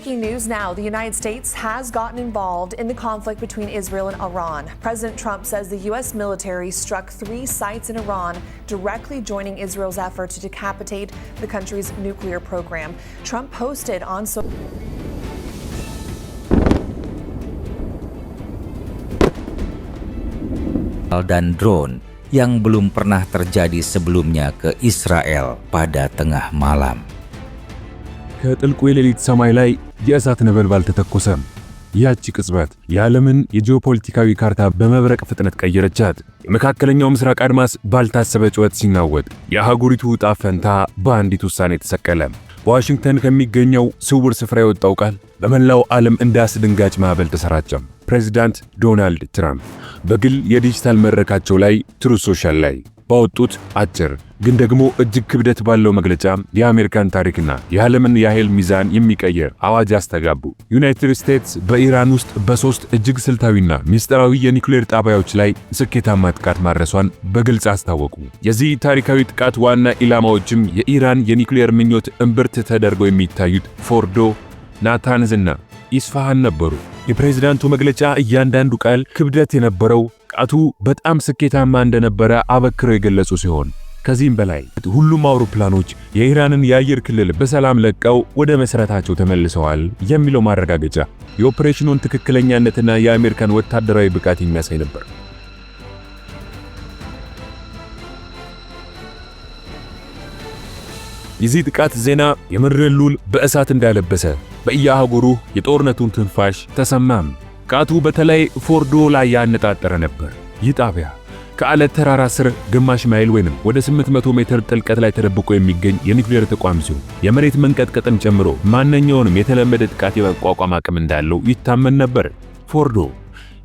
Breaking news now the United States has gotten involved in the conflict between Israel and Iran. President Trump says the U.S. military struck three sites in Iran, directly joining Israel's effort to decapitate the country's nuclear program. Trump posted on social dan drone yang belum pernah terjadi sebelumnya ke Israel pada tengah malam. ከጥልቁ የሌሊት ሰማይ ላይ የእሳት ነበልባል ተተኮሰ። ያቺ ቅጽበት የዓለምን የጂኦፖለቲካዊ ካርታ በመብረቅ ፍጥነት ቀየረቻት። የመካከለኛው ምስራቅ አድማስ ባልታሰበ ጩኸት ሲናወጥ፣ የአህጉሪቱ ዕጣ ፈንታ በአንዲት ውሳኔ ተሰቀለ። በዋሽንግተን ከሚገኘው ስውር ስፍራ የወጣው ቃል በመላው ዓለም እንደ አስደንጋጭ ማዕበል ተሰራጨም። ፕሬዚዳንት ዶናልድ ትራምፕ በግል የዲጂታል መድረካቸው ላይ ትሩ ሶሻል ላይ ባወጡት አጭር ግን ደግሞ እጅግ ክብደት ባለው መግለጫ የአሜሪካን ታሪክና የዓለምን የኃይል ሚዛን የሚቀይር አዋጅ አስተጋቡ። ዩናይትድ ስቴትስ በኢራን ውስጥ በሦስት እጅግ ስልታዊና ሚስጥራዊ የኒውክሌር ጣቢያዎች ላይ ስኬታማ ጥቃት ማድረሷን በግልጽ አስታወቁ። የዚህ ታሪካዊ ጥቃት ዋና ኢላማዎችም የኢራን የኒውክሌር ምኞት እምብርት ተደርገው የሚታዩት ፎርዶ፣ ናታንዝና ኢስፋሃን ነበሩ። የፕሬዝዳንቱ መግለጫ እያንዳንዱ ቃል ክብደት የነበረው ወጣቱ በጣም ስኬታማ እንደነበረ አበክረው የገለጹ ሲሆን ከዚህም በላይ ሁሉም አውሮፕላኖች የኢራንን የአየር ክልል በሰላም ለቀው ወደ መሠረታቸው ተመልሰዋል የሚለው ማረጋገጫ የኦፕሬሽኑን ትክክለኛነትና የአሜሪካን ወታደራዊ ብቃት የሚያሳይ ነበር። የዚህ ጥቃት ዜና የምድርን ሉል በእሳት እንዳለበሰ በየአህጉሩ የጦርነቱን ትንፋሽ ተሰማም። ጥቃቱ በተለይ ፎርዶ ላይ ያነጣጠረ ነበር። ይህ ጣቢያ ከአለት ተራራ ስር ግማሽ ማይል ወይንም ወደ 800 ሜትር ጥልቀት ላይ ተደብቆ የሚገኝ የኒውክሌር ተቋም ሲሆን የመሬት መንቀጥቀጥን ጨምሮ ማንኛውንም የተለመደ ጥቃት የመቋቋም አቅም እንዳለው ይታመን ነበር። ፎርዶ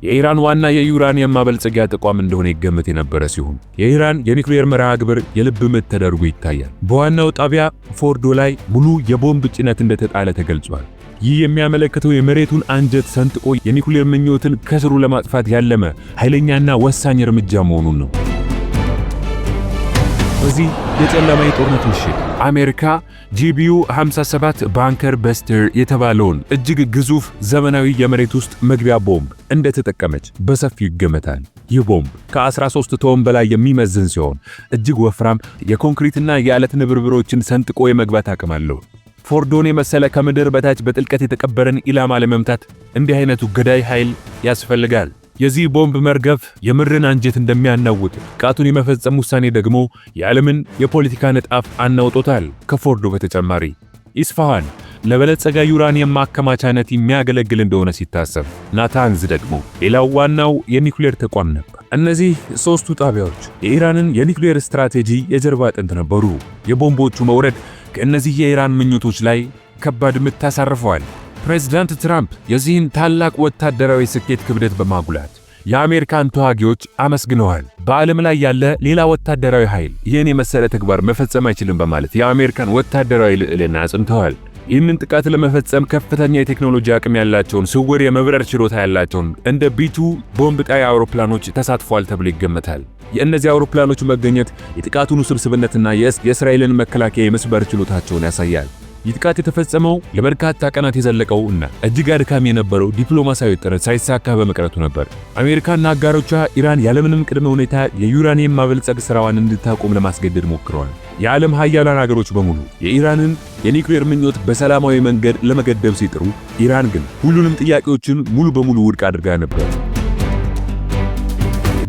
የኢራን ዋና የዩራኒየም ማበልጸጊያ ተቋም እንደሆነ ይገመት የነበረ ሲሆን የኢራን የኒውክሌር መርሃ ግብር የልብ ምት ተደርጎ ይታያል። በዋናው ጣቢያ ፎርዶ ላይ ሙሉ የቦምብ ጭነት እንደተጣለ ተገልጿል። ይህ የሚያመለክተው የመሬቱን አንጀት ሰንጥቆ የኒኩሌር ምኞትን ከስሩ ለማጥፋት ያለመ ኃይለኛና ወሳኝ እርምጃ መሆኑን ነው። በዚህ የጨለማ የጦርነት ምሽት አሜሪካ ጂቢዩ 57 ባንከር በስተር የተባለውን እጅግ ግዙፍ ዘመናዊ የመሬት ውስጥ መግቢያ ቦምብ እንደተጠቀመች በሰፊው ይገመታል። ይህ ቦምብ ከ13 ቶን በላይ የሚመዝን ሲሆን እጅግ ወፍራም የኮንክሪትና የዓለት ንብርብሮችን ሰንጥቆ የመግባት አቅም አለው። ፎርዶን የመሰለ ከምድር በታች በጥልቀት የተቀበረን ኢላማ ለመምታት እንዲህ አይነቱ ገዳይ ኃይል ያስፈልጋል። የዚህ ቦምብ መርገፍ የምድርን አንጀት እንደሚያናውጥ ጥቃቱን የመፈጸም ውሳኔ ደግሞ የዓለምን የፖለቲካ ንጣፍ አናውጦታል። ከፎርዶ በተጨማሪ ኢስፋሃን ለበለጸገ ዩራኒየም ማከማቻነት የሚያገለግል እንደሆነ ሲታሰብ፣ ናታንዝ ደግሞ ሌላው ዋናው የኒውክሌር ተቋም ነበር። እነዚህ ሦስቱ ጣቢያዎች የኢራንን የኒውክሌር ስትራቴጂ የጀርባ አጥንት ነበሩ። የቦምቦቹ መውረድ ከእነዚህ የኢራን ምኞቶች ላይ ከባድ ምት አሳርፈዋል። ፕሬዚዳንት ትራምፕ የዚህን ታላቅ ወታደራዊ ስኬት ክብደት በማጉላት የአሜሪካን ተዋጊዎች አመስግነዋል። በዓለም ላይ ያለ ሌላ ወታደራዊ ኃይል ይህን የመሰለ ተግባር መፈጸም አይችልም በማለት የአሜሪካን ወታደራዊ ልዕልና አጽንተዋል። ይህንን ጥቃት ለመፈጸም ከፍተኛ የቴክኖሎጂ አቅም ያላቸውን ስውር የመብረር ችሎታ ያላቸውን እንደ ቢቱ ቦምብ ጣይ አውሮፕላኖች ተሳትፏል ተብሎ ይገመታል። የእነዚህ አውሮፕላኖች መገኘት የጥቃቱን ውስብስብነትና የእስራኤልን መከላከያ የመስበር ችሎታቸውን ያሳያል። ይህ ጥቃት የተፈጸመው ለበርካታ ቀናት የዘለቀው እና እጅግ አድካሚ የነበረው ዲፕሎማሲያዊ ጥረት ሳይሳካ በመቅረቱ ነበር። አሜሪካና አጋሮቿ ኢራን ያለምንም ቅድመ ሁኔታ የዩራኒየም ማበልጸግ ስራዋን እንድታቆም ለማስገደድ ሞክረዋል። የዓለም ሀያላን አገሮች በሙሉ የኢራንን የኒውክሌር ምኞት በሰላማዊ መንገድ ለመገደብ ሲጥሩ፣ ኢራን ግን ሁሉንም ጥያቄዎችን ሙሉ በሙሉ ውድቅ አድርጋ ነበር።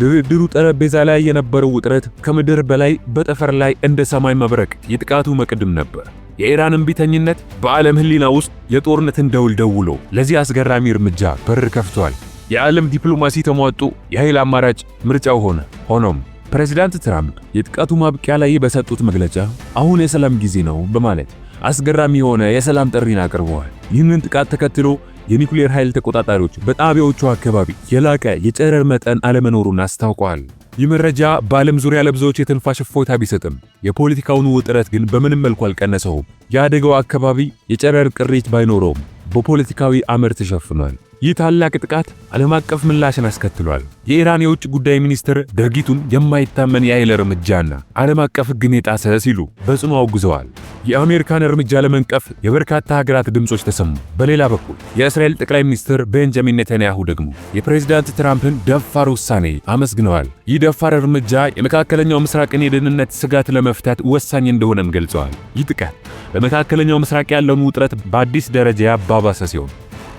ድርድሩ ጠረጴዛ ላይ የነበረው ውጥረት ከምድር በላይ በጠፈር ላይ እንደ ሰማይ መብረቅ የጥቃቱ መቅድም ነበር። የኢራን እምቢተኝነት በዓለም ሕሊና ውስጥ የጦርነትን ደውል ደውሎ ለዚህ አስገራሚ እርምጃ በር ከፍቷል። የዓለም ዲፕሎማሲ ተሟጡ የኃይል አማራጭ ምርጫው ሆነ። ሆኖም ፕሬዚዳንት ትራምፕ የጥቃቱ ማብቂያ ላይ በሰጡት መግለጫ አሁን የሰላም ጊዜ ነው በማለት አስገራሚ የሆነ የሰላም ጥሪን አቅርበዋል። ይህንን ጥቃት ተከትሎ የኒውክሌር ኃይል ተቆጣጣሪዎች በጣቢያዎቹ አካባቢ የላቀ የጨረር መጠን አለመኖሩን አስታውቋል። ይህ መረጃ በዓለም ዙሪያ ለብዙዎች የትንፋሽ እፎይታ ቢሰጥም የፖለቲካውን ውጥረት ግን በምንም መልኩ አልቀነሰውም። የአደጋው አካባቢ የጨረር ቅሪት ባይኖረውም በፖለቲካዊ አመር ተሸፍኗል። ይህ ታላቅ ጥቃት ዓለም አቀፍ ምላሽን አስከትሏል። የኢራን የውጭ ጉዳይ ሚኒስትር ድርጊቱን የማይታመን የኃይል እርምጃና ዓለም አቀፍ ሕግን የጣሰ ሲሉ በጽኑ አውግዘዋል። የአሜሪካን እርምጃ ለመንቀፍ የበርካታ ሀገራት ድምጾች ተሰሙ። በሌላ በኩል የእስራኤል ጠቅላይ ሚኒስትር ቤንጃሚን ኔታንያሁ ደግሞ የፕሬዝዳንት ትራምፕን ደፋር ውሳኔ አመስግነዋል። ይህ ደፋር እርምጃ የመካከለኛው ምስራቅን የደህንነት ስጋት ለመፍታት ወሳኝ እንደሆነም ገልጸዋል። ይህ ጥቃት በመካከለኛው ምስራቅ ያለውን ውጥረት በአዲስ ደረጃ ያባባሰ ሲሆን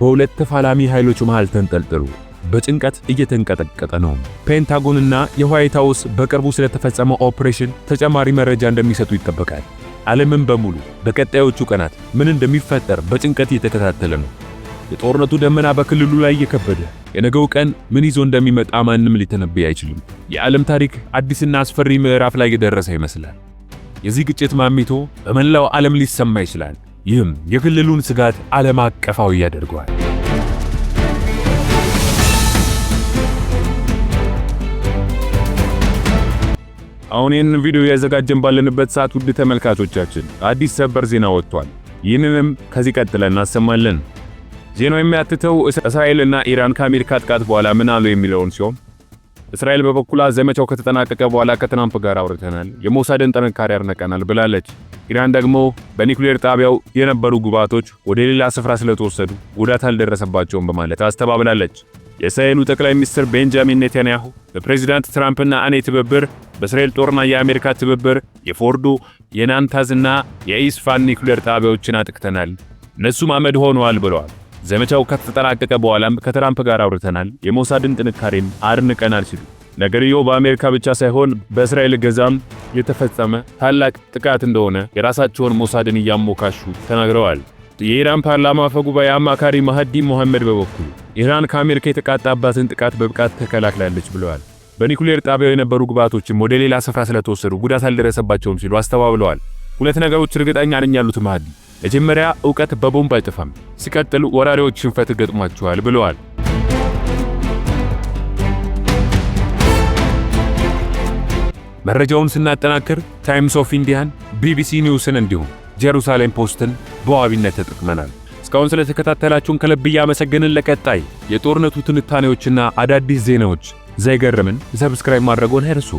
በሁለት ተፋላሚ ኃይሎች መሃል ተንጠልጥሎ በጭንቀት እየተንቀጠቀጠ ነው። ፔንታጎንና የዋይት ሃውስ በቅርቡ ስለተፈጸመ ኦፕሬሽን ተጨማሪ መረጃ እንደሚሰጡ ይጠበቃል። ዓለምን በሙሉ በቀጣዮቹ ቀናት ምን እንደሚፈጠር በጭንቀት እየተከታተለ ነው። የጦርነቱ ደመና በክልሉ ላይ እየከበደ፣ የነገው ቀን ምን ይዞ እንደሚመጣ ማንም ሊተነብይ አይችልም። የዓለም ታሪክ አዲስና አስፈሪ ምዕራፍ ላይ የደረሰ ይመስላል። የዚህ ግጭት ማሚቶ በመላው ዓለም ሊሰማ ይችላል። ይህም የክልሉን ስጋት ዓለም አቀፋዊ ያደርገዋል። አሁን ይህንን ቪዲዮ ያዘጋጀን ባለንበት ሰዓት ውድ ተመልካቾቻችን አዲስ ሰበር ዜና ወጥቷል። ይህንንም ከዚህ ቀጥለን እናሰማለን። ዜናው የሚያትተው እስራኤል እና ኢራን ከአሜሪካ ጥቃት በኋላ ምን አሉ የሚለውን ሲሆን እስራኤል በበኩሏ ዘመቻው ከተጠናቀቀ በኋላ ከትናንፕ ጋር አውርተናል፣ የሞሳድን ጥንካሬ አድንቀናል ብላለች። ኢራን ደግሞ በኒኩሌር ጣቢያው የነበሩ ግብዓቶች ወደ ሌላ ስፍራ ስለተወሰዱ ጉዳት አልደረሰባቸውም በማለት አስተባብላለች። የእስራኤሉ ጠቅላይ ሚኒስትር ቤንጃሚን ኔታንያሁ በፕሬዚዳንት ትራምፕና አኔ ትብብር በእስራኤል ጦርና የአሜሪካ ትብብር የፎርዶ የናንታዝና የኢስፋን ኒኩሌር ጣቢያዎችን አጥቅተናል፣ እነሱም አመድ ሆነዋል ብለዋል። ዘመቻው ከተጠናቀቀ በኋላም ከትራምፕ ጋር አውርተናል፣ የሞሳድን ጥንካሬም አድንቀናል ሲሉ ነገርየው በአሜሪካ ብቻ ሳይሆን በእስራኤል ገዛም የተፈጸመ ታላቅ ጥቃት እንደሆነ የራሳቸውን ሞሳድን እያሞካሹ ተናግረዋል። የኢራን ፓርላማ አፈጉባኤ አማካሪ ማህዲ ሞሐመድ በበኩሉ ኢራን ከአሜሪካ የተቃጣባትን ጥቃት በብቃት ተከላክላለች ብለዋል። በኒኩሌር ጣቢያው የነበሩ ግብዓቶችም ወደ ሌላ ስፍራ ስለተወሰዱ ጉዳት አልደረሰባቸውም ሲሉ አስተባብለዋል። ሁለት ነገሮች እርግጠኛ ነኝ ያሉት ማህዲ መጀመሪያ እውቀት በቦምብ አይጠፋም፣ ሲቀጥል ወራሪዎች ሽንፈት ገጥሟቸዋል ብለዋል። መረጃውን ስናጠናክር ታይምስ ኦፍ ኢንዲያን፣ ቢቢሲ ኒውስን እንዲሁም ጀሩሳሌም ፖስትን በዋቢነት ተጠቅመናል። እስካሁን ስለተከታተላችሁን ከልብ እያመሰገንን ለቀጣይ የጦርነቱ ትንታኔዎችና አዳዲስ ዜናዎች ዘይገርምን ሰብስክራይብ ማድረጎን አይርሱ።